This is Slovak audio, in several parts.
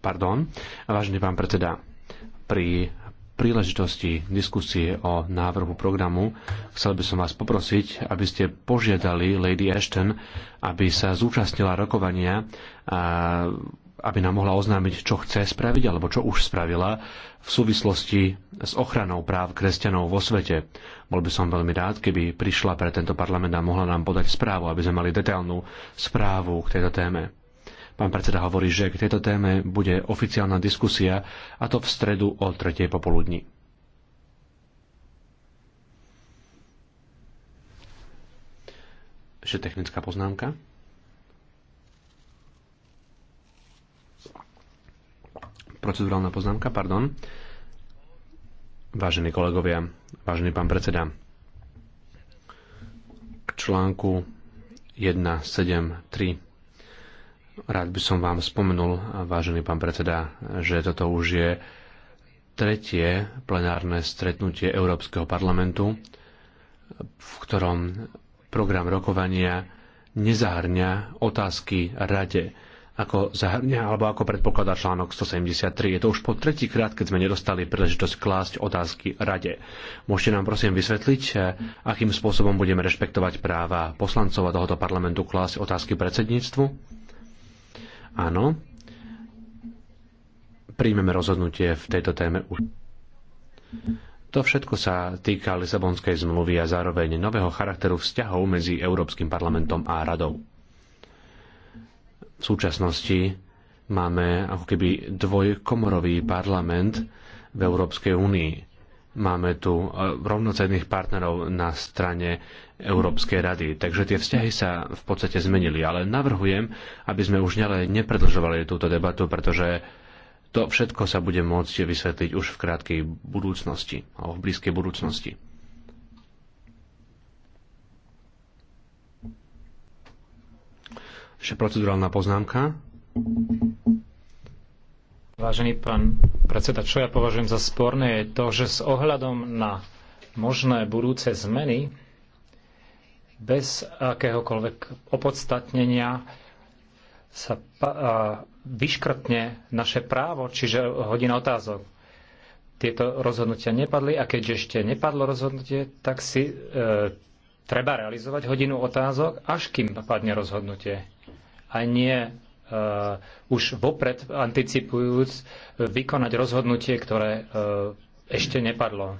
Pardon, vážený pán predseda, pri príležitosti diskusie o návrhu programu chcel by som vás poprosiť, aby ste požiadali Lady Ashton, aby sa zúčastnila rokovania a aby nám mohla oznámiť, čo chce spraviť alebo čo už spravila v súvislosti s ochranou práv kresťanov vo svete. Bol by som veľmi rád, keby prišla pre tento parlament a mohla nám podať správu, aby sme mali detailnú správu k tejto téme. Pán predseda hovorí, že k tejto téme bude oficiálna diskusia, a to v stredu o tretej popoludní. Ešte technická poznámka. Procedurálna poznámka, pardon. Vážení kolegovia, vážený pán predseda, k článku 173 Rád by som vám spomenul, vážený pán predseda, že toto už je tretie plenárne stretnutie Európskeho parlamentu, v ktorom program rokovania nezahrňa otázky rade, ako zahrňa alebo ako predpokladá článok 173. Je to už po tretíkrát, keď sme nedostali príležitosť klásť otázky rade. Môžete nám prosím vysvetliť, akým spôsobom budeme rešpektovať práva poslancov a tohoto parlamentu klásť otázky predsedníctvu? Áno. Príjmeme rozhodnutie v tejto téme už. To všetko sa týka Lisabonskej zmluvy a zároveň nového charakteru vzťahov medzi Európskym parlamentom a Radou. V súčasnosti máme ako keby dvojkomorový parlament v Európskej únii. Máme tu e, rovnocenných partnerov na strane Európskej rady. Takže tie vzťahy sa v podstate zmenili. Ale navrhujem, aby sme už ďalej nepredlžovali túto debatu, pretože to všetko sa bude môcť vysvetliť už v krátkej budúcnosti, alebo v blízkej budúcnosti. Ešte procedurálna poznámka. Vážený pán predseda, čo ja považujem za sporné je to, že s ohľadom na možné budúce zmeny bez akéhokoľvek opodstatnenia sa vyškrtne naše právo, čiže hodina otázok. Tieto rozhodnutia nepadli a keďže ešte nepadlo rozhodnutie, tak si e, treba realizovať hodinu otázok, až kým padne rozhodnutie. A nie Uh, už vopred anticipujúc vykonať rozhodnutie, ktoré uh, ešte nepadlo.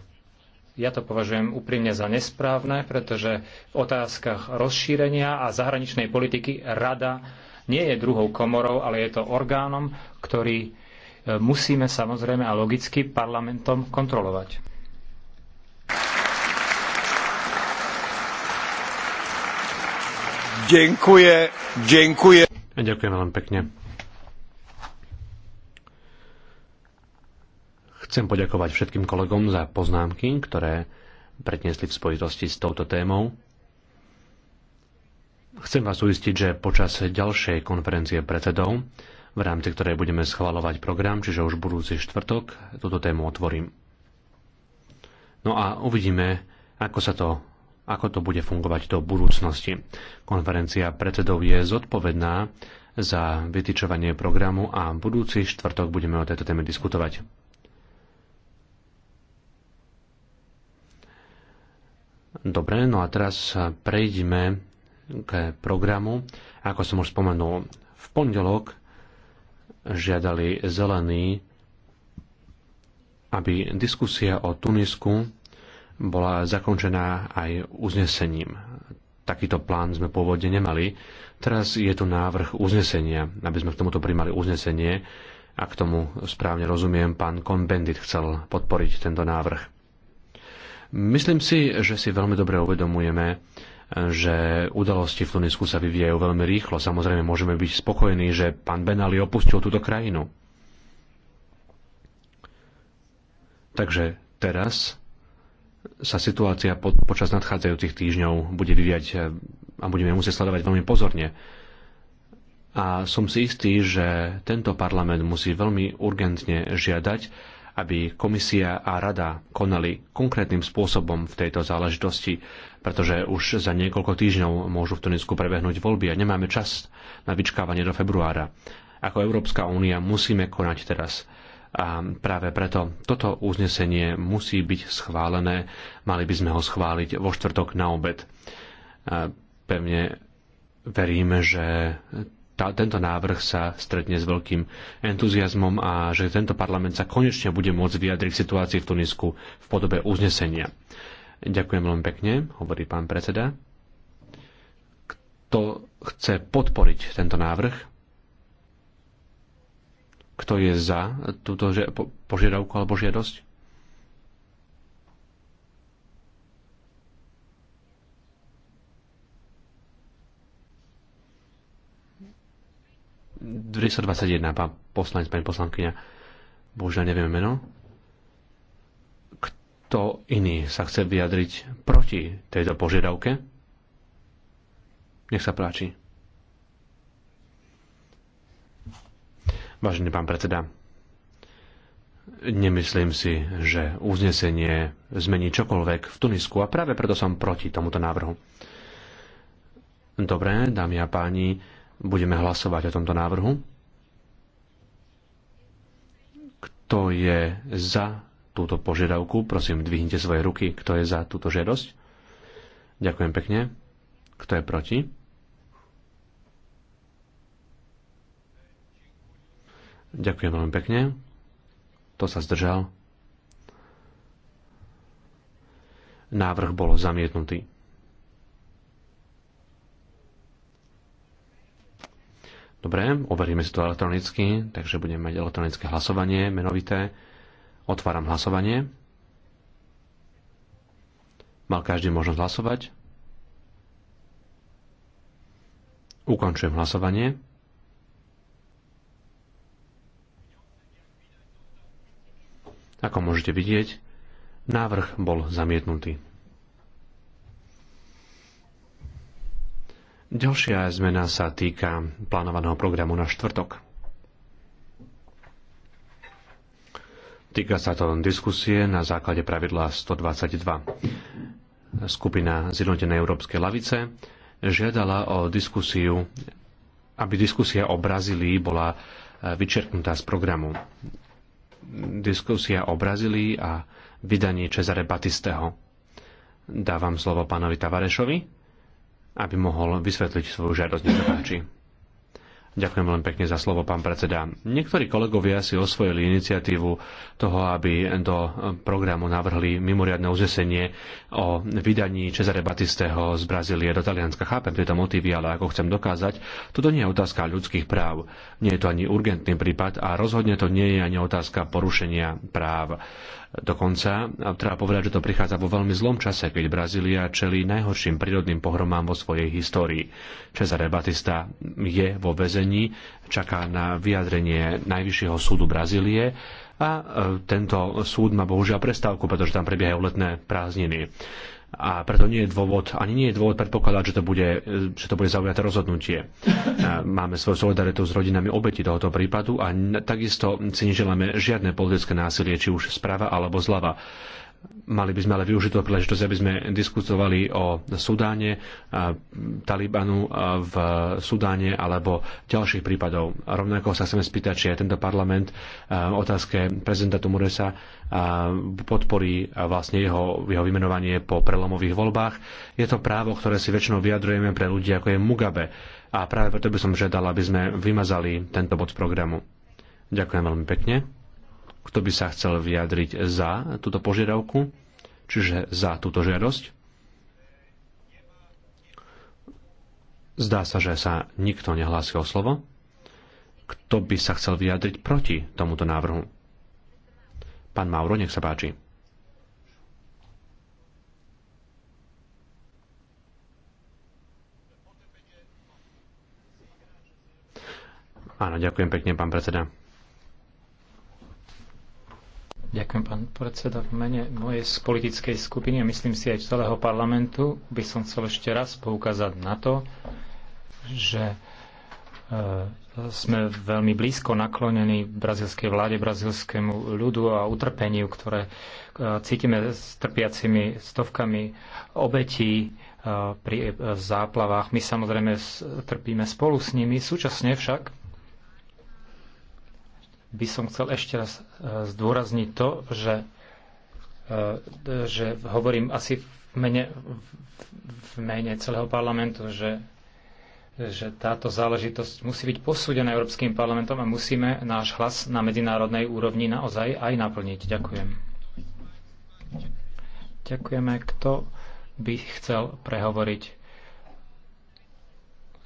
Ja to považujem úprimne za nesprávne, pretože v otázkach rozšírenia a zahraničnej politiky rada nie je druhou komorou, ale je to orgánom, ktorý uh, musíme samozrejme a logicky parlamentom kontrolovať. Ďakujem. Ďakujem. Ďakujem veľmi pekne. Chcem poďakovať všetkým kolegom za poznámky, ktoré predniesli v spojitosti s touto témou. Chcem vás uistiť, že počas ďalšej konferencie predsedov, v rámci ktorej budeme schvalovať program, čiže už budúci štvrtok, túto tému otvorím. No a uvidíme, ako sa to ako to bude fungovať do budúcnosti. Konferencia predsedov je zodpovedná za vytyčovanie programu a budúci štvrtok budeme o tejto téme diskutovať. Dobre, no a teraz prejdime k programu. Ako som už spomenul, v pondelok žiadali zelení, aby diskusia o Tunisku bola zakončená aj uznesením. Takýto plán sme pôvodne nemali. Teraz je tu návrh uznesenia, aby sme k tomuto primali uznesenie. A k tomu správne rozumiem, pán Konbendit chcel podporiť tento návrh. Myslím si, že si veľmi dobre uvedomujeme, že udalosti v Tunisku sa vyvíjajú veľmi rýchlo. Samozrejme, môžeme byť spokojní, že pán Ben Ali opustil túto krajinu. Takže teraz sa situácia po, počas nadchádzajúcich týždňov bude vyviať eh, a budeme musieť sledovať veľmi pozorne. A som si istý, že tento parlament musí veľmi urgentne žiadať, aby komisia a rada konali konkrétnym spôsobom v tejto záležitosti, pretože už za niekoľko týždňov môžu v Tunisku prebehnúť voľby a nemáme čas na vyčkávanie do februára. Ako Európska únia musíme konať teraz. A práve preto toto uznesenie musí byť schválené. Mali by sme ho schváliť vo štvrtok na obed. A pevne veríme, že tá, tento návrh sa stretne s veľkým entuziasmom a že tento parlament sa konečne bude môcť vyjadriť k situácii v Tunisku v podobe uznesenia. Ďakujem veľmi pekne, hovorí pán predseda. Kto chce podporiť tento návrh? Kto je za túto požiadavku alebo žiadosť? ...221, pán poslanec, pani poslankyňa. Bohužiaľ neviem meno. Kto iný sa chce vyjadriť proti tejto požiadavke? Nech sa páči. Vážený pán predseda, nemyslím si, že uznesenie zmení čokoľvek v Tunisku a práve preto som proti tomuto návrhu. Dobre, dámy a páni, budeme hlasovať o tomto návrhu. Kto je za túto požiadavku, prosím, dvihnite svoje ruky. Kto je za túto žiadosť? Ďakujem pekne. Kto je proti? Ďakujem veľmi pekne. To sa zdržal. Návrh bol zamietnutý. Dobre, overíme si to elektronicky, takže budeme mať elektronické hlasovanie, menovité. Otváram hlasovanie. Mal každý možnosť hlasovať. Ukončujem hlasovanie. Ako môžete vidieť, návrh bol zamietnutý. Ďalšia zmena sa týka plánovaného programu na štvrtok. Týka sa to diskusie na základe pravidla 122. Skupina Zjednotenej Európskej lavice žiadala o diskusiu, aby diskusia o Brazílii bola e, vyčerknutá z programu diskusia o Brazílii a vydanie Cezare Batisteho. Dávam slovo pánovi Tavarešovi, aby mohol vysvetliť svoju žiadosť. Nech sa páči. Ďakujem veľmi pekne za slovo, pán predseda. Niektorí kolegovia si osvojili iniciatívu toho, aby do programu navrhli mimoriadne uznesenie o vydaní Cezare Batisteho z Brazílie do Talianska. Chápem tieto motívy, ale ako chcem dokázať, toto nie je otázka ľudských práv. Nie je to ani urgentný prípad a rozhodne to nie je ani otázka porušenia práv. Dokonca treba povedať, že to prichádza vo veľmi zlom čase, keď Brazília čelí najhorším prírodným pohromám vo svojej histórii. Cesare Batista je vo väzení, čaká na vyjadrenie Najvyššieho súdu Brazílie a e, tento súd má bohužiaľ prestávku, pretože tam prebiehajú letné prázdniny a preto nie je dôvod, ani nie je dôvod predpokladať, že to bude, že to bude zaujaté rozhodnutie. Máme svoju solidaritu s rodinami obeti tohoto prípadu a takisto si neželáme žiadne politické násilie, či už sprava alebo zlava. Mali by sme ale využiť tú príležitosť, aby sme diskutovali o Sudáne, Talibanu v Sudáne alebo ďalších prípadov. Rovnako sa chceme spýtať, či aj tento parlament otázke prezidenta Tumuresa podporí vlastne jeho, jeho vymenovanie po prelomových voľbách. Je to právo, ktoré si väčšinou vyjadrujeme pre ľudí, ako je Mugabe. A práve preto by som žiadal, aby sme vymazali tento bod z programu. Ďakujem veľmi pekne. Kto by sa chcel vyjadriť za túto požiadavku? Čiže za túto žiadosť? Zdá sa, že sa nikto nehlási o slovo. Kto by sa chcel vyjadriť proti tomuto návrhu? Pán Mauro, nech sa páči. Áno, ďakujem pekne, pán predseda. predseda, v mene mojej politickej skupiny a myslím si aj celého parlamentu by som chcel ešte raz poukázať na to, že e, sme veľmi blízko naklonení brazilskej vláde, brazilskému ľudu a utrpeniu, ktoré e, cítime s trpiacimi stovkami obetí e, pri záplavách. My samozrejme trpíme spolu s nimi, súčasne však by som chcel ešte raz e, zdôrazniť to, že, e, že hovorím asi v mene, v mene celého parlamentu, že, že táto záležitosť musí byť posúdená Európskym parlamentom a musíme náš hlas na medzinárodnej úrovni naozaj aj naplniť. Ďakujem. Ďakujeme. Kto by chcel prehovoriť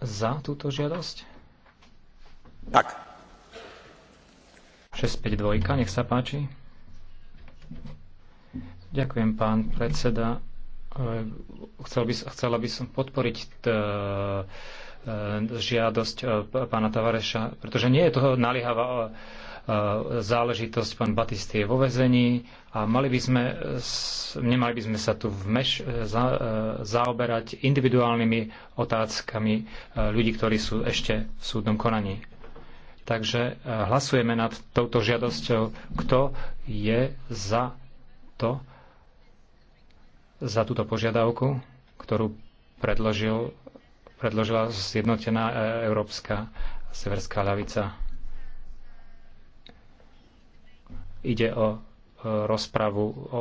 za túto žiadosť? Tak. 652, nech sa páči. Ďakujem, pán predseda. Eh, chcel by, chcela by som podporiť t, eh, žiadosť eh, pána Tavareša, pretože nie je toho naliehavá záležitosť. Pán Batisty je vo vezení a mali by sme, nemali by sme sa tu vmeš, za, zaoberať individuálnymi otázkami ľudí, ktorí sú ešte v súdnom konaní. Takže e, hlasujeme nad touto žiadosťou. Kto je za to, za túto požiadavku, ktorú predložil, predložila zjednotená e, európska severská ľavica? Ide o e, rozpravu o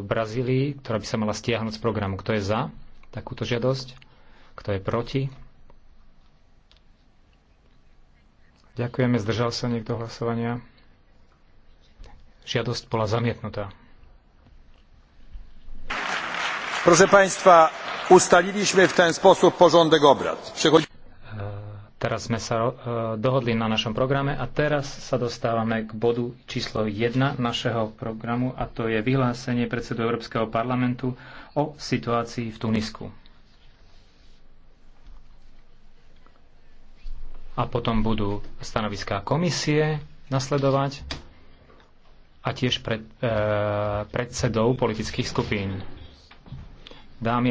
Brazílii, ktorá by sa mala stiahnuť z programu. Kto je za takúto žiadosť? Kto je proti? Ďakujeme, zdržal sa niekto hlasovania. Žiadosť bola zamietnutá. Proszę Państwa, ustaliliśmy w ten sposób porządek obrad. Przechodzi... E, teraz sme sa e, dohodli na našom programe a teraz sa dostávame k bodu číslo 1 našeho programu a to je vyhlásenie predsedu Európskeho parlamentu o situácii v Tunisku. a potom budú stanoviská komisie nasledovať a tiež pred, e, predsedov politických skupín. Dámy